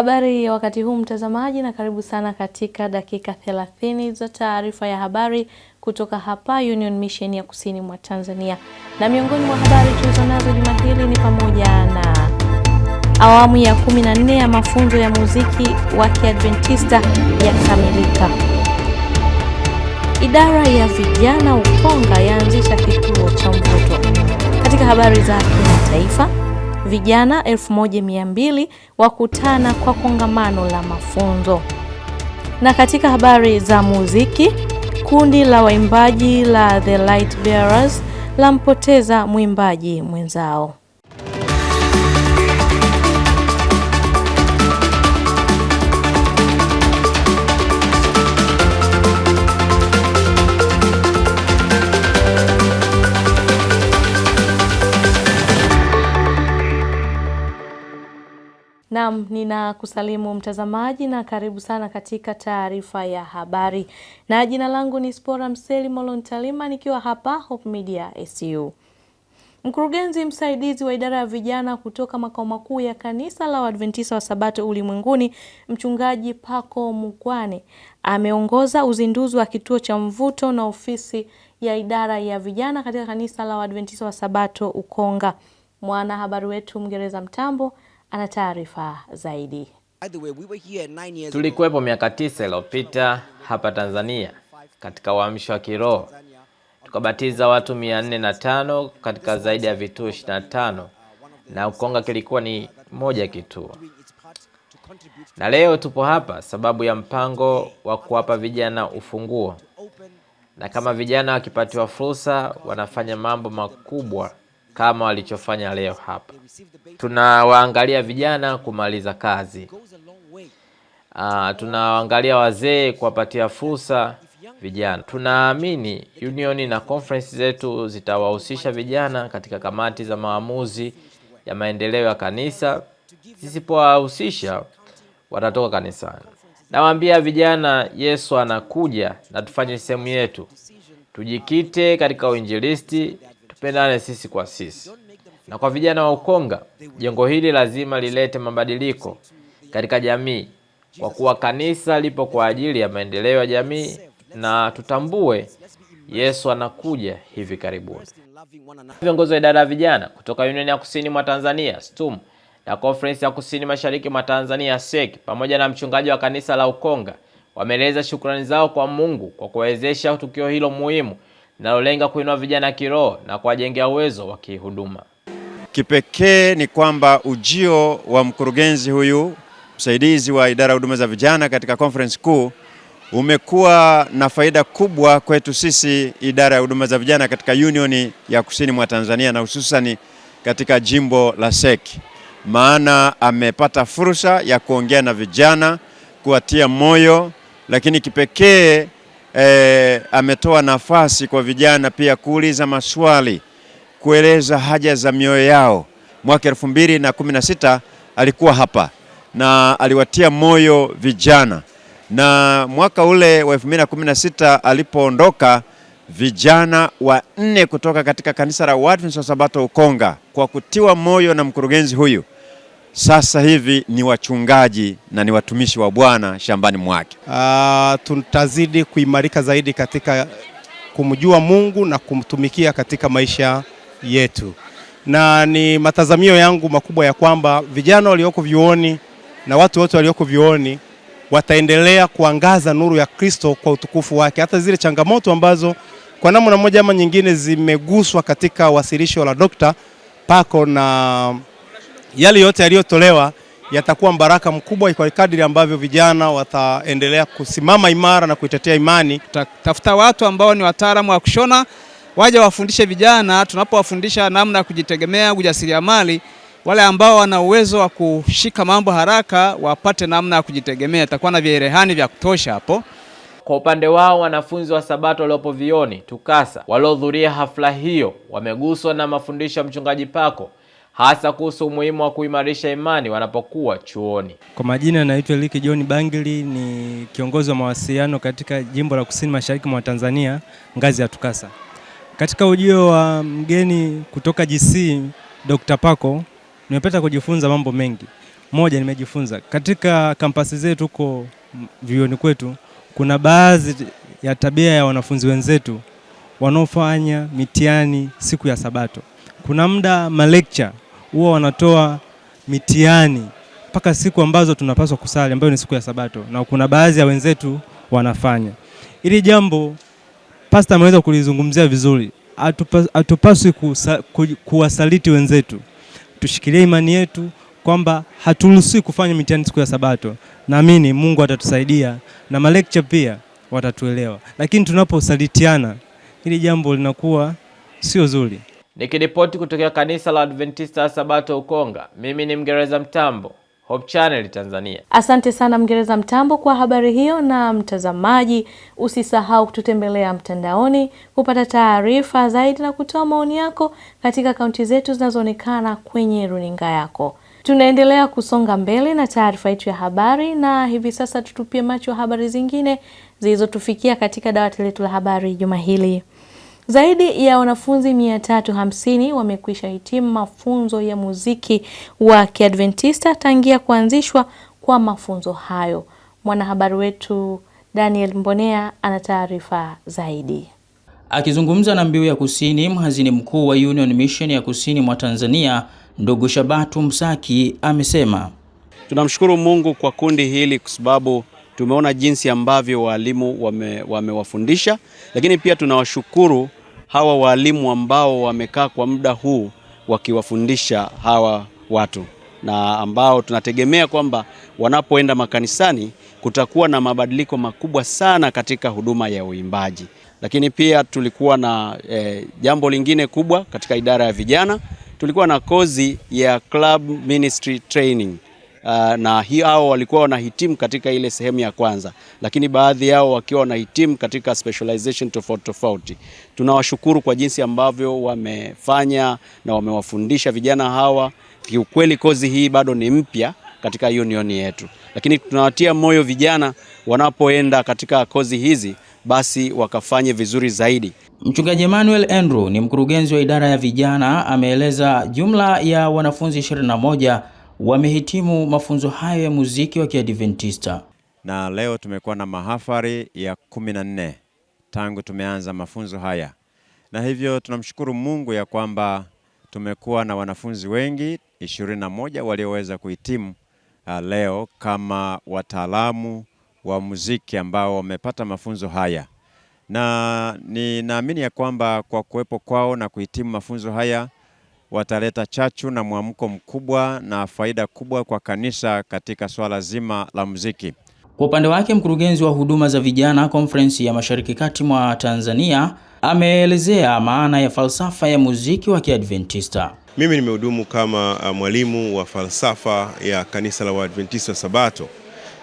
Habari ya wakati huu mtazamaji, na karibu sana katika dakika 30 za taarifa ya habari kutoka hapa Union Mission ya kusini mwa Tanzania, na miongoni mwa habari tulizonazo juma hili ni pamoja na awamu ya 14 ya mafunzo ya muziki wa Kiadventista yakamilika, idara ya vijana Ukonga yaanzisha kituo cha mvuto. Katika habari za kimataifa vijana 1200 wakutana kwa kongamano la mafunzo. Na katika habari za muziki, kundi la waimbaji la The Light Bearers lampoteza mwimbaji mwenzao. Naam, ninakusalimu mtazamaji na karibu sana katika taarifa ya habari, na jina langu ni Spora Mseli Molontalima nikiwa hapa Hope Media SU. Mkurugenzi msaidizi wa idara ya vijana kutoka makao makuu ya kanisa la Waadventista wa Sabato ulimwenguni mchungaji Paco Mukwane ameongoza uzinduzi wa kituo cha mvuto na ofisi ya idara ya vijana katika kanisa la Waadventista wa Sabato Ukonga. Mwanahabari wetu Mgereza Mtambo ana taarifa zaidi. Tulikuwepo miaka tisa iliyopita hapa Tanzania katika uamsho wa kiroho, tukabatiza watu mia nne na tano katika zaidi ya vituo ishirini na tano na Ukonga kilikuwa ni moja kituo, na leo tupo hapa sababu ya mpango wa kuwapa vijana ufunguo, na kama vijana wakipatiwa fursa wanafanya mambo makubwa kama walichofanya leo hapa. Tunawaangalia vijana kumaliza kazi, ah, tunawaangalia wazee kuwapatia fursa vijana. Tunaamini unioni na conference zetu zitawahusisha vijana katika kamati za maamuzi ya maendeleo ya kanisa. Zisipowahusisha watatoka kanisani. Nawaambia vijana, Yesu anakuja na tufanye sehemu yetu, tujikite katika uinjilisti tupendane sisi kwa sisi. Na kwa vijana wa Ukonga, jengo hili lazima lilete mabadiliko katika jamii, kwa kuwa kanisa lipo kwa ajili ya maendeleo ya jamii, na tutambue Yesu anakuja hivi karibuni. Viongozi wa idara ya vijana kutoka Union ya Kusini mwa Tanzania STUM na Conference ya Kusini Mashariki mwa Tanzania SEC pamoja na mchungaji wa kanisa la Ukonga wameeleza shukrani zao kwa Mungu kwa kuwezesha tukio hilo muhimu linalolenga kuinua vijana kiroho na kuwajengea uwezo wa kihuduma. Kipekee ni kwamba ujio wa mkurugenzi huyu msaidizi wa idara ya huduma za vijana katika conference kuu umekuwa na faida kubwa kwetu sisi idara ya huduma za vijana katika Union ya Kusini mwa Tanzania na hususani katika jimbo la Seki, maana amepata fursa ya kuongea na vijana, kuwatia moyo, lakini kipekee e, ametoa nafasi kwa vijana pia kuuliza maswali, kueleza haja za mioyo yao. Mwaka elfu mbili na kumi na sita alikuwa hapa na aliwatia moyo vijana, na mwaka ule wa elfu mbili na kumi na sita alipoondoka vijana wa nne kutoka katika kanisa la Waadventista wa Sabato Ukonga, kwa kutiwa moyo na mkurugenzi huyu sasa hivi ni wachungaji na ni watumishi wa Bwana shambani mwake. Uh, tutazidi kuimarika zaidi katika kumjua Mungu na kumtumikia katika maisha yetu, na ni matazamio yangu makubwa ya kwamba vijana walioko vyuoni na watu wote walioko vyuoni wataendelea kuangaza nuru ya Kristo kwa utukufu wake, hata zile changamoto ambazo kwa namna moja ama nyingine zimeguswa katika wasilisho la Dokta Pako na yale yote yaliyotolewa yatakuwa mbaraka mkubwa kwa kadri ambavyo vijana wataendelea kusimama imara na kuitetea imani. Tafuta watu ambao ni wataalamu wa kushona waje wafundishe vijana. Tunapowafundisha namna ya kujitegemea, ujasiriamali, wale ambao wana uwezo wa kushika mambo haraka wapate namna ya kujitegemea. Itakuwa na vierehani vya kutosha hapo. Kwa upande wao wanafunzi wa Sabato waliopo vioni TUCASA waliohudhuria hafla hiyo wameguswa na mafundisho ya Mchungaji pako hasa kuhusu umuhimu wa kuimarisha imani wanapokuwa chuoni. Kwa majina naitwa Eliki John Bangili, ni kiongozi wa mawasiliano katika jimbo la Kusini Mashariki mwa Tanzania ngazi ya TUCASA. Katika ujio wa mgeni kutoka GC Dr. Pako nimepata kujifunza mambo mengi. Moja, nimejifunza katika kampasi zetu huko vyuoni kwetu kuna baadhi ya tabia ya wanafunzi wenzetu wanaofanya mitihani siku ya Sabato. Kuna muda malekcha huwa wanatoa mitihani mpaka siku ambazo tunapaswa kusali ambayo ni siku ya Sabato, na kuna baadhi ya wenzetu wanafanya hili jambo. Pasta ameweza kulizungumzia vizuri, hatupaswi kuwasaliti wenzetu. Tushikilie imani yetu kwamba haturuhusiwi kufanya mitihani siku ya Sabato. Naamini Mungu atatusaidia na malecture pia watatuelewa, lakini tunaposalitiana hili jambo linakuwa sio zuri. Nikiripoti kutokea kanisa la Adventista Sabato Ukonga, mimi ni mgereza Mtambo, Hope Channel Tanzania. Asante sana mgereza Mtambo kwa habari hiyo. Na mtazamaji, usisahau kututembelea mtandaoni kupata taarifa zaidi na kutoa maoni yako katika akaunti zetu zinazoonekana kwenye runinga yako. Tunaendelea kusonga mbele na taarifa yetu ya habari, na hivi sasa tutupie macho habari zingine zilizotufikia katika dawati letu la habari juma hili. Zaidi ya wanafunzi 350 wamekwisha hitimu mafunzo ya muziki wa Kiadventista tangia kuanzishwa kwa mafunzo hayo. Mwanahabari wetu Daniel Mbonea ana taarifa zaidi. Akizungumza na Mbiu ya Kusini, mhazini mkuu wa Union Mission ya Kusini mwa Tanzania, ndugu Shabatu Msaki amesema, tunamshukuru Mungu kwa kundi hili kwa sababu tumeona jinsi ambavyo walimu wamewafundisha wame, lakini pia tunawashukuru hawa walimu ambao wamekaa kwa muda huu wakiwafundisha hawa watu na ambao tunategemea kwamba wanapoenda makanisani kutakuwa na mabadiliko makubwa sana katika huduma ya uimbaji. Lakini pia tulikuwa na e, jambo lingine kubwa katika idara ya vijana, tulikuwa na kozi ya club ministry training uh, na hao walikuwa wanahitimu katika ile sehemu ya kwanza, lakini baadhi yao wakiwa wanahitimu katika specialization tofauti tofauti. Tunawashukuru kwa jinsi ambavyo wamefanya na wamewafundisha vijana hawa. Kiukweli kozi hii bado ni mpya katika union yetu, lakini tunawatia moyo vijana wanapoenda katika kozi hizi basi wakafanye vizuri zaidi. Mchungaji Emmanuel Andrew ni mkurugenzi wa idara ya vijana, ameeleza jumla ya wanafunzi 21 wamehitimu mafunzo hayo ya muziki wa Kiadventista, na leo tumekuwa na mahafari ya kumi na nne tangu tumeanza mafunzo haya, na hivyo tunamshukuru Mungu ya kwamba tumekuwa na wanafunzi wengi ishirini na moja walioweza kuhitimu uh, leo kama wataalamu wa muziki ambao wamepata mafunzo haya, na ninaamini ya kwamba kwa kuwepo kwao na kuhitimu mafunzo haya wataleta chachu na mwamko mkubwa na faida kubwa kwa kanisa katika swala zima la muziki. Kwa upande wake, mkurugenzi wa huduma za vijana konferensi ya Mashariki Kati mwa Tanzania ameelezea maana ya falsafa ya muziki wa Kiadventista. Mimi nimehudumu kama uh, mwalimu wa falsafa ya kanisa la Waadventista Sabato.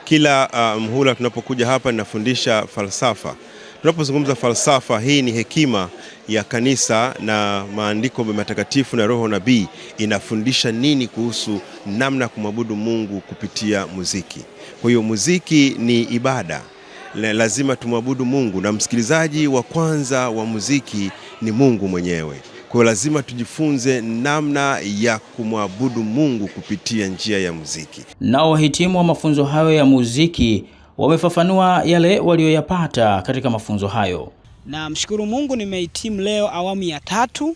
Kila uh, mhula tunapokuja hapa ninafundisha falsafa Tunapozungumza falsafa, hii ni hekima ya kanisa na maandiko matakatifu na roho nabii inafundisha nini kuhusu namna ya kumwabudu Mungu kupitia muziki. Kwa hiyo muziki ni ibada, lazima tumwabudu Mungu, na msikilizaji wa kwanza wa muziki ni Mungu mwenyewe. Kwa hiyo lazima tujifunze namna ya kumwabudu Mungu kupitia njia ya muziki. Na wahitimu wa mafunzo hayo ya muziki wamefafanua yale walioyapata katika mafunzo hayo. Na mshukuru Mungu nimehitimu leo awamu ya tatu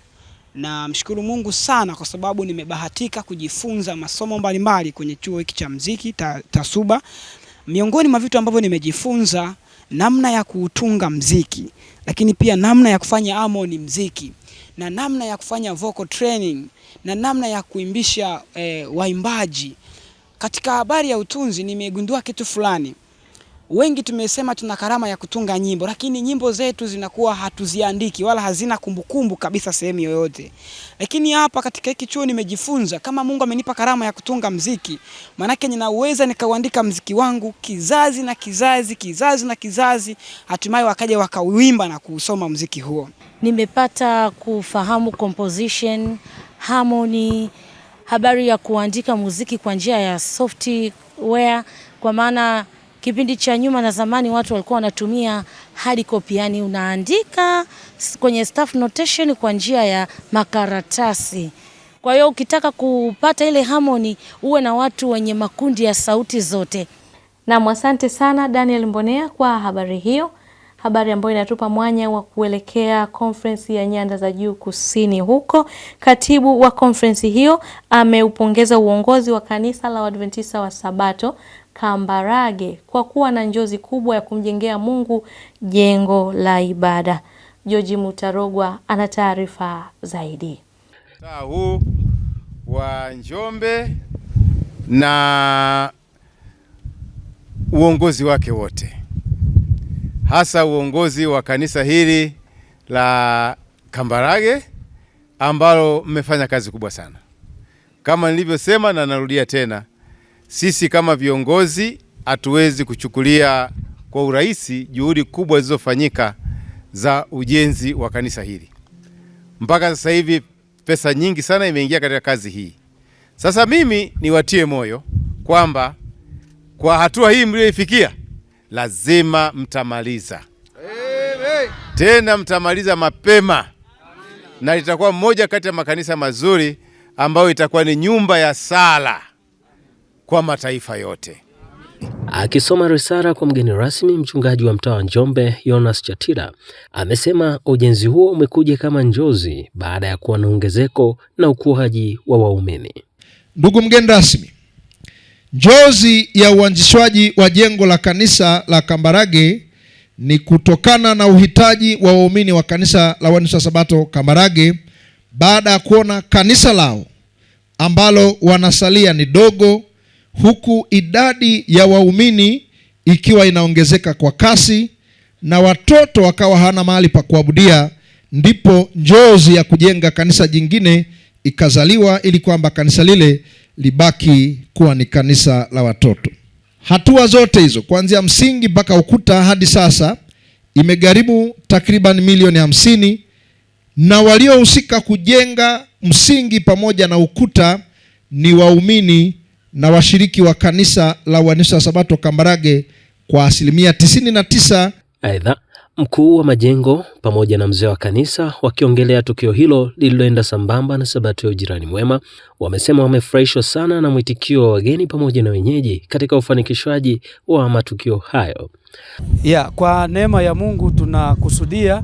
na mshukuru Mungu sana kwa sababu nimebahatika kujifunza masomo mbalimbali kwenye chuo hiki cha mziki ta, Tasuba. Miongoni mwa vitu ambavyo nimejifunza namna ya kuutunga mziki, lakini pia namna ya kufanya harmony mziki na namna ya kufanya vocal training na namna ya kuimbisha eh, waimbaji. Katika habari ya utunzi nimegundua kitu fulani Wengi tumesema tuna karama ya kutunga nyimbo, lakini nyimbo zetu zinakuwa hatuziandiki wala hazina kumbukumbu kabisa sehemu yoyote. Lakini hapa katika hiki chuo nimejifunza kama Mungu amenipa karama ya kutunga mziki, manake ninaweza nikauandika mziki wangu kizazi na kizazi, kizazi na kizazi, hatimaye wakaja wakauimba na kuusoma mziki huo. Nimepata kufahamu composition, harmony, habari ya kuandika muziki kwa njia ya software kwa maana Kipindi cha nyuma na zamani watu walikuwa wanatumia hard copy, yani unaandika kwenye staff notation kwa njia ya makaratasi. Kwa hiyo ukitaka kupata ile harmony uwe na watu wenye makundi ya sauti zote. Nam, asante sana Daniel Mbonea kwa habari hiyo, habari ambayo inatupa mwanya wa kuelekea konferensi ya nyanda za juu kusini huko. Katibu wa konferensi hiyo ameupongeza uongozi wa kanisa la Waadventista wa Sabato Kambarage kwa kuwa na njozi kubwa ya kumjengea Mungu jengo la ibada. George Mutarogwa ana taarifa zaidi. Mtaa huu wa Njombe na uongozi wake wote, hasa uongozi wa kanisa hili la Kambarage ambalo mmefanya kazi kubwa sana, kama nilivyosema na narudia tena sisi kama viongozi hatuwezi kuchukulia kwa urahisi juhudi kubwa zilizofanyika za ujenzi wa kanisa hili. Mpaka sasa hivi pesa nyingi sana imeingia katika kazi hii. Sasa mimi niwatie moyo kwamba kwa hatua hii mlioifikia, lazima mtamaliza. Tena mtamaliza mapema. Na litakuwa mmoja kati ya makanisa mazuri ambayo itakuwa ni nyumba ya sala kwa mataifa yote. Akisoma risala kwa mgeni rasmi, mchungaji wa mtaa wa Njombe Jonas Chatira amesema ujenzi huo umekuja kama njozi baada ya kuwa na ongezeko na ukuaji wa waumini. Ndugu mgeni rasmi, njozi ya uanzishwaji wa jengo la kanisa la Kambarage ni kutokana na uhitaji wa waumini wa kanisa la Waadventista wa Sabato Kambarage baada ya kuona kanisa lao ambalo wanasalia ni dogo huku idadi ya waumini ikiwa inaongezeka kwa kasi na watoto wakawa hana mahali pa kuabudia, ndipo njozi ya kujenga kanisa jingine ikazaliwa ili kwamba kanisa lile libaki kuwa ni kanisa la watoto. Hatua zote hizo kuanzia msingi mpaka ukuta hadi sasa imegharimu takriban milioni hamsini na waliohusika kujenga msingi pamoja na ukuta ni waumini na washiriki wa kanisa la Waadventista wa Sabato Kambarage kwa asilimia tisa. Aidha, mkuu wa majengo pamoja na mzee wa kanisa wakiongelea tukio hilo lililoenda sambamba na Sabato ya Ujirani Mwema, wamesema wamefurahishwa sana na mwitikio wa wageni pamoja na wenyeji katika ufanikishwaji wa matukio hayo. Ya, kwa neema ya Mungu tunakusudia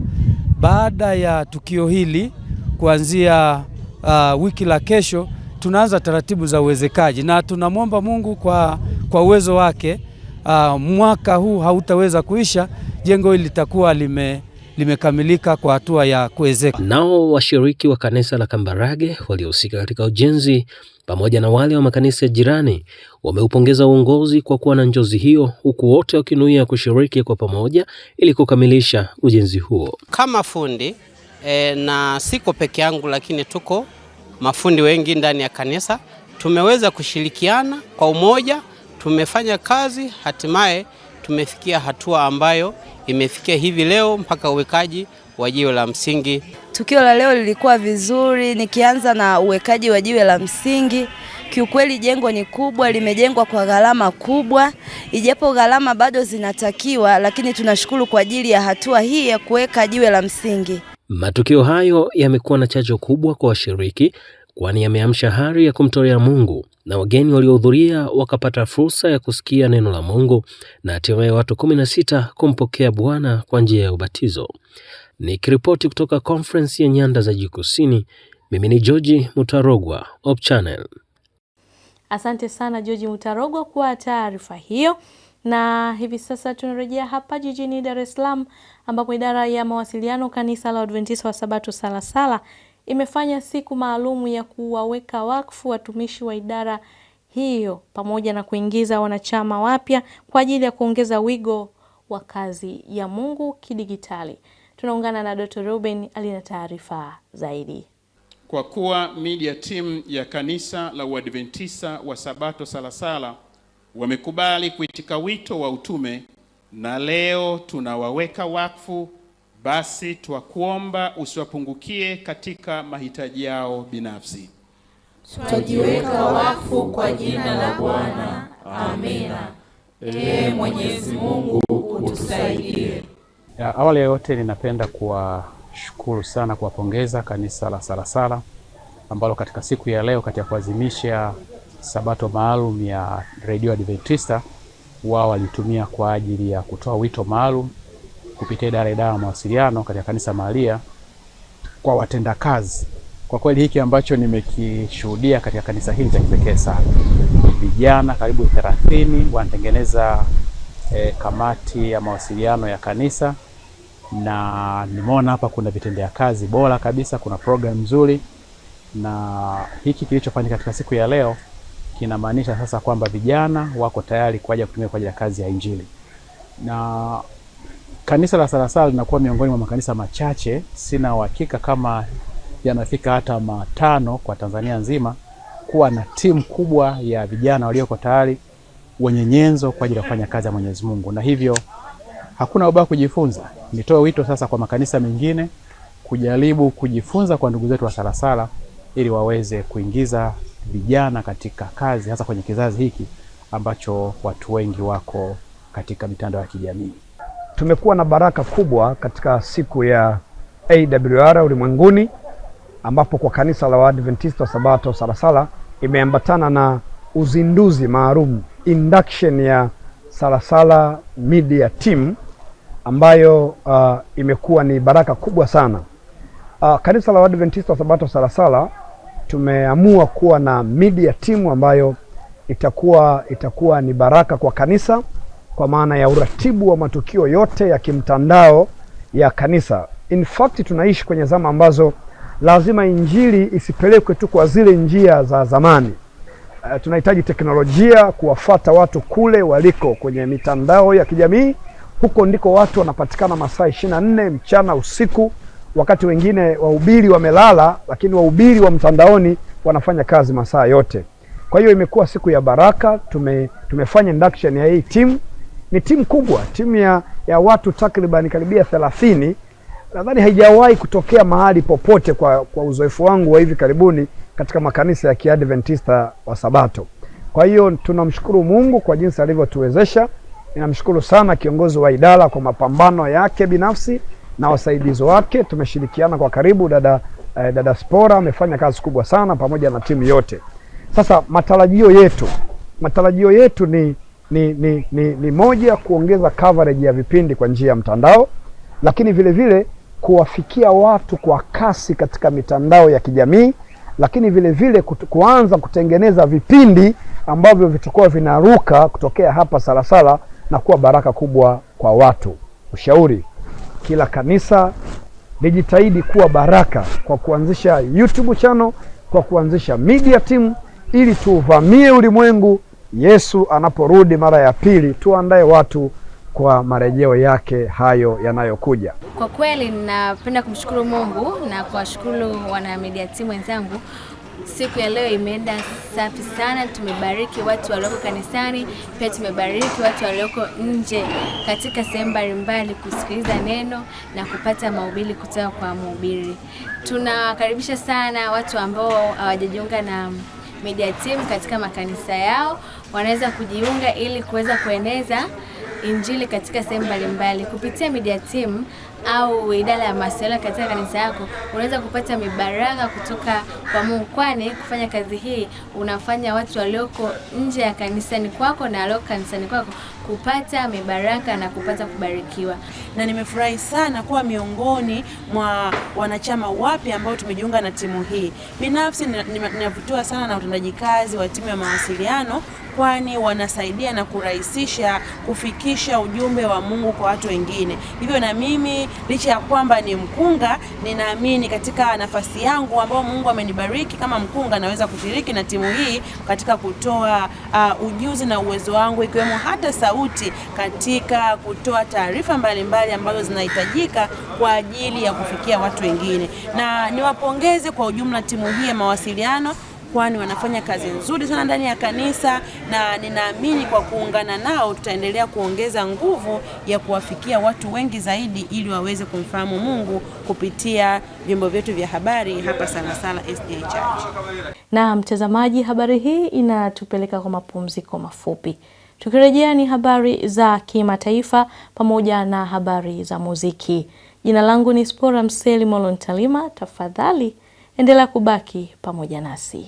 baada ya tukio hili kuanzia uh, wiki la kesho tunaanza taratibu za uwezekaji na tunamwomba Mungu kwa, kwa uwezo wake uh, mwaka huu hautaweza kuisha, jengo hili litakuwa lime limekamilika kwa hatua ya kuwezeka. Nao washiriki wa kanisa la Kambarage waliohusika katika ujenzi pamoja na wale wa makanisa ya jirani wameupongeza uongozi kwa kuwa na njozi hiyo, huku wote wakinuia kushiriki kwa pamoja ili kukamilisha ujenzi huo. Kama fundi e, na siko peke yangu, lakini tuko mafundi wengi ndani ya kanisa tumeweza kushirikiana kwa umoja, tumefanya kazi, hatimaye tumefikia hatua ambayo imefikia hivi leo mpaka uwekaji wa jiwe la msingi. Tukio la leo lilikuwa vizuri, nikianza na uwekaji wa jiwe la msingi. Kiukweli jengo ni kubwa, limejengwa kwa gharama kubwa, ijapo gharama bado zinatakiwa, lakini tunashukuru kwa ajili ya hatua hii ya kuweka jiwe la msingi. Matukio hayo yamekuwa na chachu kubwa kwa washiriki, kwani yameamsha hari ya kumtolea Mungu na wageni waliohudhuria wakapata fursa ya kusikia neno la Mungu na hatimaye watu kumi na sita kumpokea Bwana kwa njia ya ubatizo. Nikiripoti kutoka konferensi ya nyanda za juu kusini, mimi ni George Mutarogwa, Hope Channel. Asante sana George Mutarogwa kwa taarifa hiyo, na hivi sasa tunarejea hapa jijini Dar es Salaam ambapo idara ya mawasiliano kanisa la Waadventista wa Sabato Salasala imefanya siku maalum ya kuwaweka wakfu watumishi wa idara hiyo pamoja na kuingiza wanachama wapya kwa ajili ya kuongeza wigo wa kazi ya Mungu kidigitali. Tunaungana na Dr. Ruben alina taarifa zaidi. Kwa kuwa media team ya kanisa la uadventisa wa Sabato Salasala wamekubali kuitika wito wa utume na leo tunawaweka wakfu, basi twakuomba usiwapungukie katika mahitaji yao binafsi. Twajiweka wakfu kwa jina la Bwana. Amina. Ee Mwenyezi Mungu utusaidie. Ya, awali ya yote ninapenda kuwashukuru sana kuwapongeza kanisa la Salasala ambalo katika siku ya leo katika kuadhimisha sabato maalum ya Radio Adventista wao walitumia kwa ajili ya kutoa wito maalum kupitia idara idara ya mawasiliano katika kanisa Maria kwa watendakazi. Kwa kweli hiki ambacho nimekishuhudia katika kanisa hili cha kipekee sana, vijana karibu thelathini wanatengeneza e, kamati ya mawasiliano ya kanisa, na nimeona hapa kuna vitendea kazi bora kabisa, kuna programu nzuri, na hiki kilichofanyika katika siku ya leo kinamaanisha sasa kwamba vijana wako tayari kwa ajili ya kutumia kwa ajili ya kazi ya Injili, na kanisa la Salasala linakuwa miongoni mwa makanisa machache, sina uhakika kama yanafika hata matano kwa Tanzania nzima, kuwa na timu kubwa ya vijana walioko tayari wenye nyenzo kwa ajili ya kufanya kazi ya Mwenyezi Mungu, na hivyo hakuna ubaya kujifunza. Nitoe wito sasa kwa makanisa mengine kujaribu kujifunza kwa ndugu zetu wa Salasala ili waweze kuingiza vijana katika kazi, hasa kwenye kizazi hiki ambacho watu wengi wako katika mitandao ya kijamii. Tumekuwa na baraka kubwa katika siku ya AWR ulimwenguni, ambapo kwa kanisa la Waadventista wa Sabato Salasala imeambatana na uzinduzi maalum induction ya Salasala Media Team ambayo uh, imekuwa ni baraka kubwa sana. Uh, kanisa la Waadventista wa Sabato Salasala tumeamua kuwa na media team ambayo itakuwa, itakuwa ni baraka kwa kanisa kwa maana ya uratibu wa matukio yote ya kimtandao ya kanisa. In fact tunaishi kwenye zama ambazo lazima injili isipelekwe tu kwa zile njia za zamani. Uh, tunahitaji teknolojia kuwafata watu kule waliko kwenye mitandao ya kijamii. Huko ndiko watu wanapatikana masaa ishirini na nne mchana, usiku wakati wengine wahubiri wamelala, lakini wahubiri wa mtandaoni wanafanya kazi masaa yote. Kwa hiyo imekuwa siku ya baraka. Tume, tumefanya induction ya hii timu. Ni timu kubwa, timu ya, ya watu takriban karibia thelathini. Nadhani haijawahi kutokea mahali popote kwa, kwa uzoefu wangu wa hivi karibuni katika makanisa ya Kiadventista wa Sabato. Kwa hiyo tunamshukuru Mungu kwa jinsi alivyotuwezesha. Ninamshukuru sana kiongozi wa idara kwa mapambano yake binafsi na wasaidizi wake tumeshirikiana kwa karibu. Dada, eh, dada Spora amefanya kazi kubwa sana pamoja na timu yote. Sasa matarajio yetu matarajio yetu ni ni, ni, ni, ni moja, kuongeza coverage ya vipindi kwa njia ya mtandao, lakini vile vile kuwafikia watu kwa kasi katika mitandao ya kijamii, lakini vile vile kuanza kutengeneza vipindi ambavyo vitakuwa vinaruka kutokea hapa Salasala na kuwa baraka kubwa kwa watu. Ushauri kila kanisa lijitahidi kuwa baraka kwa kuanzisha YouTube channel, kwa kuanzisha media team, ili tuuvamie ulimwengu Yesu anaporudi mara ya pili, tuandae watu kwa marejeo yake hayo yanayokuja. Kwa kweli, ninapenda kumshukuru Mungu na kuwashukuru wana media team wenzangu siku ya leo imeenda safi sana. Tumebariki watu walioko kanisani, pia tumebariki watu walioko nje katika sehemu mbalimbali kusikiliza neno na kupata mahubiri kutoka kwa mhubiri. Tunawakaribisha sana watu ambao hawajajiunga na media team katika makanisa yao, wanaweza kujiunga ili kuweza kueneza injili katika sehemu mbalimbali kupitia media team au idara ya masuala katika kanisa yako, unaweza kupata mibaraka kutoka kwa Mungu, kwani kufanya kazi hii unafanya watu walioko nje ya kanisani kwako na walioko kanisani kwako kupata mibaraka na kupata kubarikiwa. Na nimefurahi sana kuwa miongoni mwa wanachama wapya ambao tumejiunga na timu hii. Binafsi ninavutiwa sana na utendaji kazi wa timu ya mawasiliano kwani wanasaidia na kurahisisha kufikisha ujumbe wa Mungu kwa watu wengine. Hivyo na mimi licha ya kwamba ni mkunga, ninaamini katika nafasi yangu ambayo Mungu amenibariki kama mkunga, naweza kushiriki na timu hii katika kutoa uh, ujuzi na uwezo wangu ikiwemo hata sauti katika kutoa taarifa mbalimbali ambazo zinahitajika kwa ajili ya kufikia watu wengine, na niwapongeze kwa ujumla timu hii ya mawasiliano kwani wanafanya kazi nzuri sana ndani ya kanisa, na ninaamini kwa kuungana nao tutaendelea kuongeza nguvu ya kuwafikia watu wengi zaidi, ili waweze kumfahamu Mungu kupitia vyombo vyetu vya habari hapa Sana Sala SDA Church. Na mtazamaji, habari hii inatupeleka kwa mapumziko mafupi. Tukirejea ni habari za kimataifa pamoja na habari za muziki. Jina langu ni Spora Mseli Molontalima. Tafadhali Endelea kubaki pamoja nasi.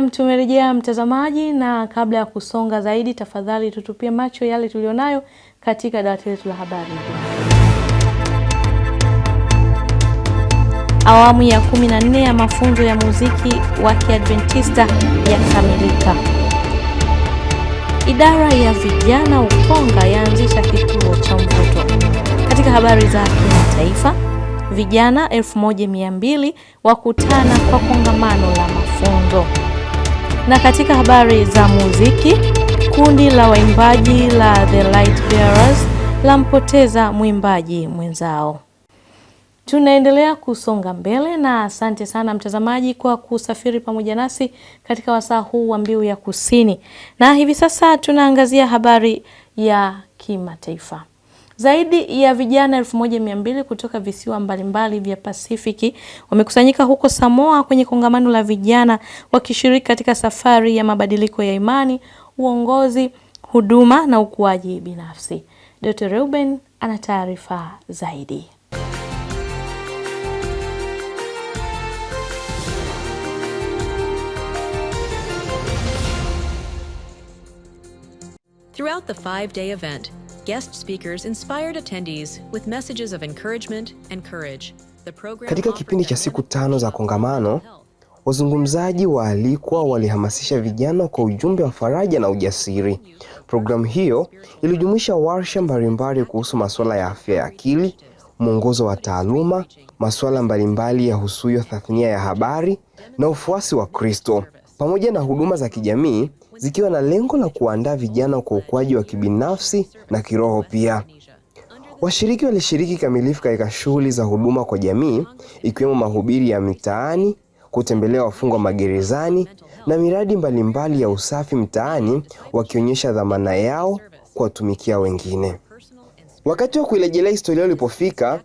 Naam, tumerejea mtazamaji, na kabla ya kusonga zaidi, tafadhali tutupie macho yale tulionayo katika dawati letu la habari. Awamu ya 14 ya mafunzo ya muziki wa Kiadventista yakamilika. Idara ya vijana Ukonga yaanzisha kituo cha mvuto. Katika habari za kimataifa, vijana 1200 wakutana kwa kongamano la mafunzo. Na katika habari za muziki, kundi la waimbaji la The Light Bearers lampoteza mwimbaji mwenzao. Tunaendelea kusonga mbele na asante sana mtazamaji kwa kusafiri pamoja nasi katika wasaa huu wa Mbiu ya Kusini, na hivi sasa tunaangazia habari ya kimataifa. Zaidi ya vijana 1200 kutoka visiwa mbalimbali vya Pasifiki wamekusanyika huko Samoa kwenye kongamano la vijana wakishiriki katika safari ya mabadiliko ya imani, uongozi, huduma na ukuaji binafsi. Dr. Reuben ana taarifa zaidi. Throughout the five-day event, Guest speakers inspired attendees with messages of encouragement and courage. The program Katika kipindi cha siku tano za kongamano, wazungumzaji waalikwa walihamasisha vijana kwa ujumbe wa faraja na ujasiri. Programu hiyo ilijumuisha warsha mbalimbali kuhusu masuala ya afya ya akili, mwongozo wa taaluma, masuala mbalimbali ya husuyo tathnia ya habari na ufuasi wa Kristo, pamoja na huduma za kijamii zikiwa na lengo la kuandaa vijana kwa ukuaji wa kibinafsi na kiroho pia. Washiriki walishiriki kamilifu katika shughuli za huduma kwa jamii ikiwemo mahubiri ya mitaani, kutembelea wafungwa magerezani na miradi mbalimbali ya usafi mtaani, wakionyesha dhamana yao kuwatumikia wengine. Wakati wa kuirejelea historia ulipofika,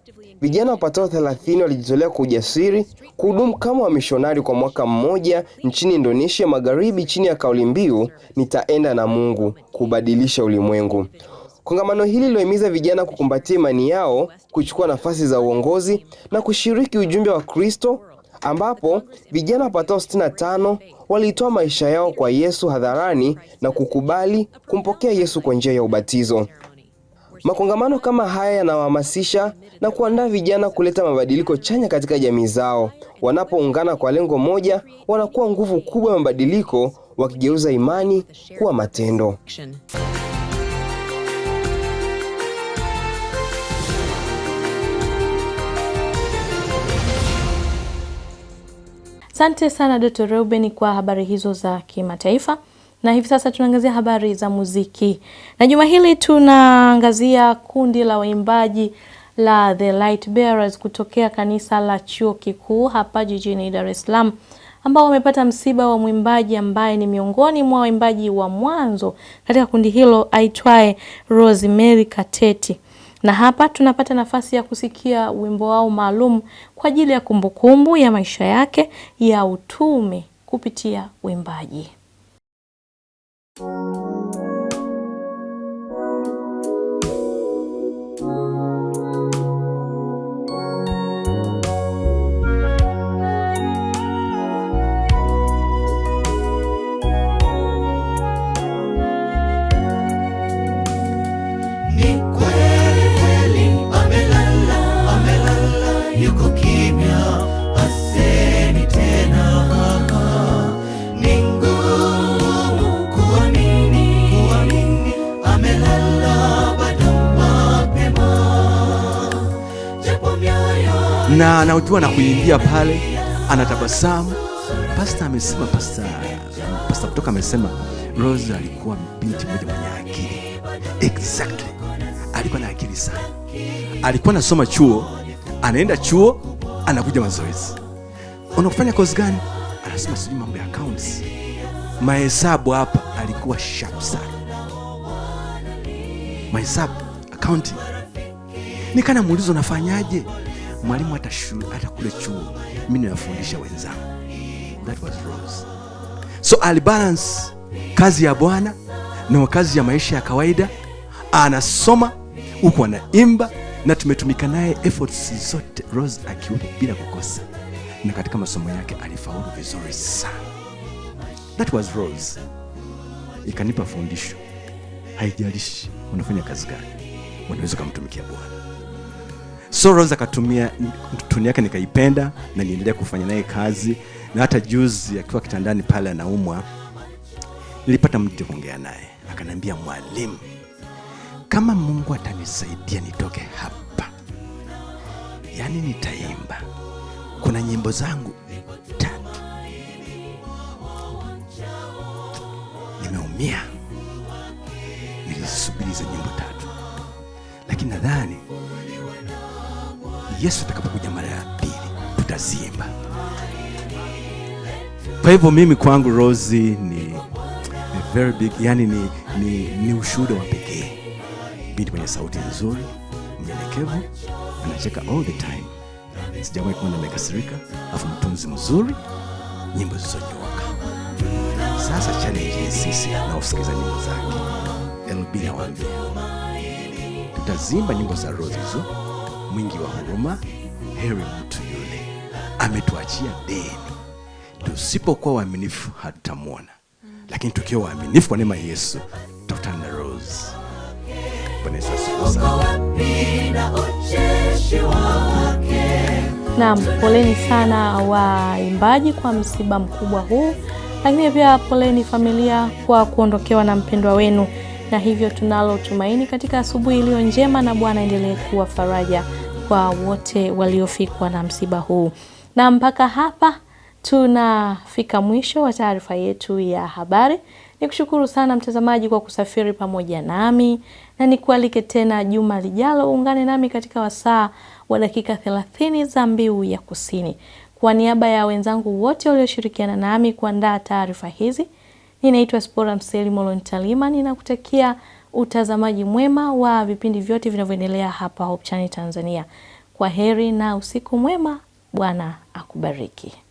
Vijana wapatao 30 walijitolea kwa ujasiri kuhudumu kama wamishonari kwa mwaka mmoja nchini Indonesia Magharibi chini ya kauli mbiu nitaenda na Mungu kubadilisha ulimwengu. Kongamano hili lilohimiza vijana kukumbatia imani yao, kuchukua nafasi za uongozi na kushiriki ujumbe wa Kristo ambapo vijana wapatao 65 walitoa maisha yao kwa Yesu hadharani na kukubali kumpokea Yesu kwa njia ya ubatizo. Makongamano kama haya yanawahamasisha na kuandaa vijana kuleta mabadiliko chanya katika jamii zao. Wanapoungana kwa lengo moja, wanakuwa nguvu kubwa ya mabadiliko, wakigeuza imani kuwa matendo. Asante sana Dr. Reuben kwa habari hizo za kimataifa na hivi sasa tunaangazia habari za muziki, na juma hili tunaangazia kundi la waimbaji la The Light Bearers kutokea kanisa la chuo kikuu hapa jijini Dar es Salaam ambao wamepata msiba wa mwimbaji ambaye ni miongoni mwa waimbaji wa mwanzo katika kundi hilo aitwaye Rosemary Kateti. Na hapa tunapata nafasi ya kusikia wimbo wao maalum kwa ajili ya kumbukumbu ya maisha yake ya utume kupitia uimbaji. na anautiwa na kuimbia pale, anatabasamu. Pasta amesema pasta, pasta kutoka amesema Rose alikuwa binti mmoja mwenye akili exactly. Alikuwa na akili sana, alikuwa anasoma chuo, anaenda chuo, anakuja mazoezi. Unakufanya kozi gani? Anasema sijui mambo ya accounts, mahesabu. Hapa alikuwa sharp sana, mahesabu, accounting. Nikana muulizo, unafanyaje? mwalimu hata shule hata kule chuo mimi nafundisha wenzangu. That was Rose. So alibalance kazi ya Bwana na kazi ya maisha ya kawaida, anasoma huku anaimba, na tumetumika naye efforts zote, Rose akiwepo bila kukosa, na katika masomo yake alifaulu vizuri sana. That was Rose. Ikanipa fundisho, haijalishi unafanya kazi gani, unaweza kumtumikia Bwana. So Rose akatumia tuni yake nikaipenda na niendelea kufanya naye kazi, na hata juzi akiwa kitandani pale anaumwa, nilipata mtu kuongea naye, akanambia mwalimu, kama Mungu atanisaidia nitoke hapa, yaani nitaimba. Kuna nyimbo zangu tatu, nimeumia, nilisubiri za nyimbo tatu, lakini nadhani Yesu atakapokuja mara ya pili tutazimba Kwa hivyo mimi kwangu Rose ni very big, yani ni, ni, ni ushuhuda wa pekee. Bidi mwenye sauti nzuri, mnyenyekevu, anacheka all the time. Sijawahi kuona amekasirika, afu mtunzi mzuri, nyimbo zilizonyoka. Sasa challenge ni sisi na usikiza nyimbo zake. LB nawaambia tutazimba nyimbo za Rose hizo mwingi wa huruma, heri mtu yule. Ametuachia deni, tusipokuwa waaminifu hatutamwona, lakini tukiwa waaminifu kwa neema Yesu tutakutana na Rose. Bwana Yesu asifiwe. Naam, poleni sana waimbaji kwa msiba mkubwa huu, lakini pia poleni familia kwa kuondokewa na mpendwa wenu. Na hivyo tunalo tumaini katika asubuhi iliyo njema, na Bwana endelee kuwa faraja kwa wote waliofikwa na msiba huu. Na mpaka hapa tunafika mwisho wa taarifa yetu ya habari. ni kushukuru sana mtazamaji kwa kusafiri pamoja nami na nikualike tena juma lijalo uungane nami katika wasaa wa dakika thelathini za Mbiu ya Kusini. Kwa niaba ya wenzangu wote walioshirikiana nami kuandaa taarifa hizi, ninaitwa Spora Mseli Molontalima, ninakutakia utazamaji mwema wa vipindi vyote vinavyoendelea hapa Hope Channel Tanzania. Kwa heri na usiku mwema, Bwana akubariki.